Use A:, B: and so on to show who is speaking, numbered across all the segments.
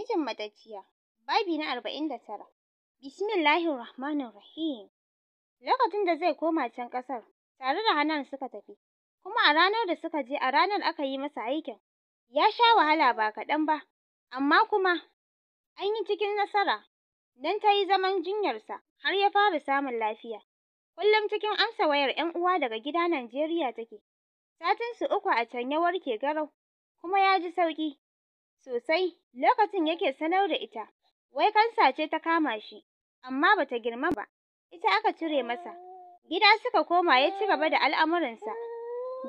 A: Mijin matacciya. Babi na arba'in da tara. Bismillahir Rahmanir Rahim. Lokacin da zai koma can ƙasar, tare da Hanan suka tafi. Kuma a ranar da suka je, a ranar aka yi masa aikin. Ya sha wahala ba kaɗan ba, amma kuma an yi cikin nasara. Nan ta yi zaman jinyarsa har ya fara samun lafiya. Kullum cikin amsa wayar 'yan uwa daga gida Najeriya take. Satinsu uku a can ya warke garau, kuma ya ji sauƙi. sosai lokacin yake sanar da ita wai kansa ce ta kama shi amma bata girma ba ita aka cire masa gida suka koma ya ci gaba da al'amuransa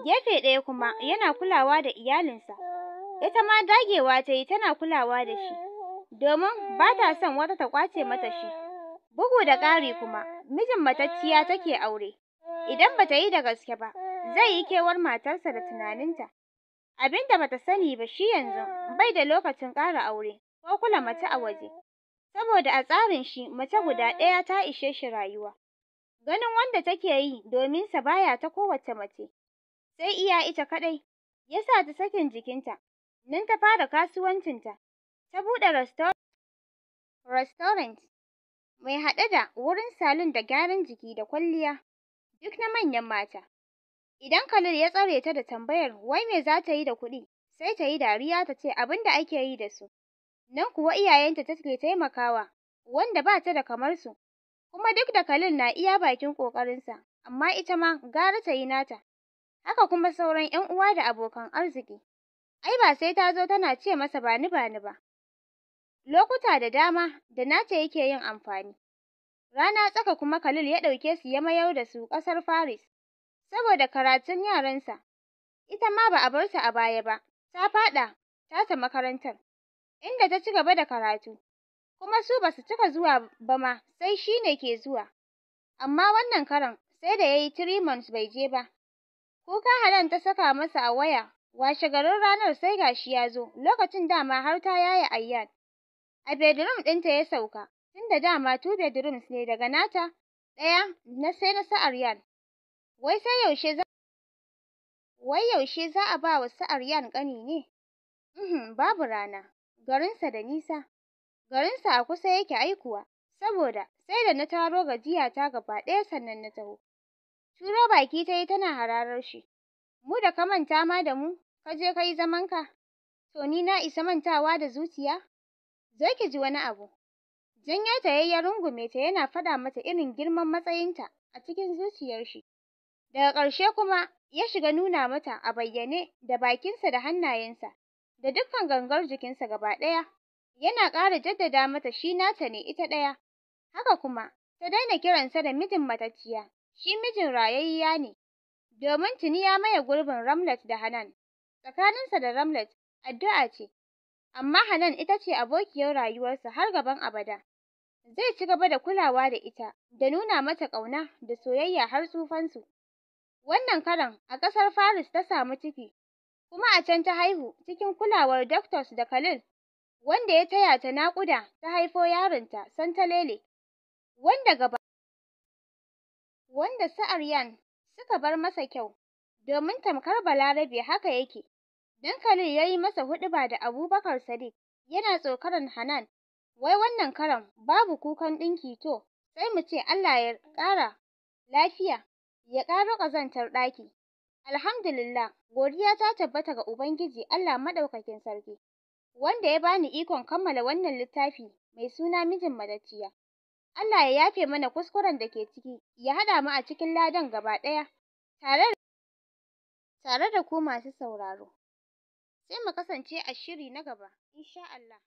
A: gefe ɗaya kuma yana kulawa da iyalinsa ita ma dagewa ta yi tana kulawa da shi domin ba ta son wata ta kwace mata shi bugu da ƙari kuma mijin matacciya take aure idan bata yi da gaske ba zai yi kewar matarsa da tunaninta Abinda bata sani ba shi yanzu bai da lokacin ƙara aure ko kula mace a waje. Saboda a tsarin shi mace guda ɗaya ta ishe shi rayuwa. Ganin wanda take yi domin sa baya ta kowace mace. Sai iya ita kaɗai. Ya sa ta sakin jikinta. Nan ta fara kasuwancin Ta buɗe rastorant restaurant mai haɗe da wurin salon da gyaran jiki da kwalliya duk na manyan mata. Idan Khalil ya tsare ta da tambayar wai me za ta yi da kuɗi, sai ta yi dariya ta ce abin da ake yi da su. Nan kuwa iyayenta ta take taimakawa, wanda ba ta da kamar su. Kuma duk da Khalil na iya bakin ƙoƙarinsa, amma ita ma gara ta yi nata. Haka kuma sauran 'yan uwa da abokan arziki. Ai ba sai ta zo tana ce masa ba ni ba. Lokuta da dama da nata yake yin amfani. Rana tsaka kuma Khalil ya ɗauke su ya mayar da su ƙasar Faris. saboda karatun yaransa. Ita ma ba a bar ta a baya ba, ta faɗa tata makarantar, inda ta ci gaba da karatu. Kuma su ba su cika zuwa ba ma, sai shi ne ke zuwa. Amma wannan karan sai da ya yi three months bai je ba. Kuka halan ta saka masa a waya, washe garin ranar sai gashi ya zo, lokacin dama har ta yaye Ayyad. A bedroom ɗinta ya sauka, tunda dama two bedrooms ne daga nata, ɗaya na sai na sa'ar Aryad. Wai sai yaushe za Wai yaushe za a ba wa Sa'ar Aryan ƙani ne? Uhm, babu rana. Garinsa da nisa. Garinsa a kusa yake aikuwa, saboda sai da na taro gajiya ta gaba ɗaya sannan na taho. Turo baki ta yi tana hararar shi. Mu da ka manta ma da mu, ka je ka yi zamanka. To ni na isa mantawa da zuciya? Zo ki ji wani abu. Janyo ta yayyar rungume ta yana faɗa mata irin girman matsayinta a cikin zuciyar shi. daga ƙarshe kuma ya shiga nuna mata a bayyane da bakinsa da hannayensa da dukkan gangar jikinsa gaba ɗaya yana ƙara jaddada mata shi nata ne ita ɗaya haka kuma ta daina kiransa da mijin matacciya shi mijin rayayya ne domin tuni ya maye gurbin Ramlet da Hanan tsakaninsa da Ramlet addu'a ce amma Hanan ita ce abokiyar rayuwarsa har gaban abada zai ci gaba da kulawa da ita da nuna mata ƙauna da soyayya har tsufansu Wannan karon a ƙasar Faris ta samu ciki, kuma a can ta haihu cikin kulawar Doctors da Khalil, wanda ya taya ta naƙuda ta haifo ta Santalele, wanda gaba wanda su Aryan suka bar masa kyau, domin tamkar Balarabe haka yake. Dan Khalil ya yi masa huɗuba da Abubakar Sadiq, yana tsokaran Hanan. Wai wannan karon babu kukan ɗinki to, sai mu ce Allah ya ƙara lafiya. ya ƙaro ƙazantar ɗaki. Alhamdulillah, godiya ta tabbata ga Ubangiji Allah Maɗaukakin Sarki, wanda ya bani ikon kammala wannan littafi mai suna Mijin madaciya. Allah ya yafe mana kuskuren da ke ciki, ya haɗa mu a cikin ladan gaba ɗaya, tare tare da ku masu sauraro. Sai mu kasance a shiri na gaba, insha Allah.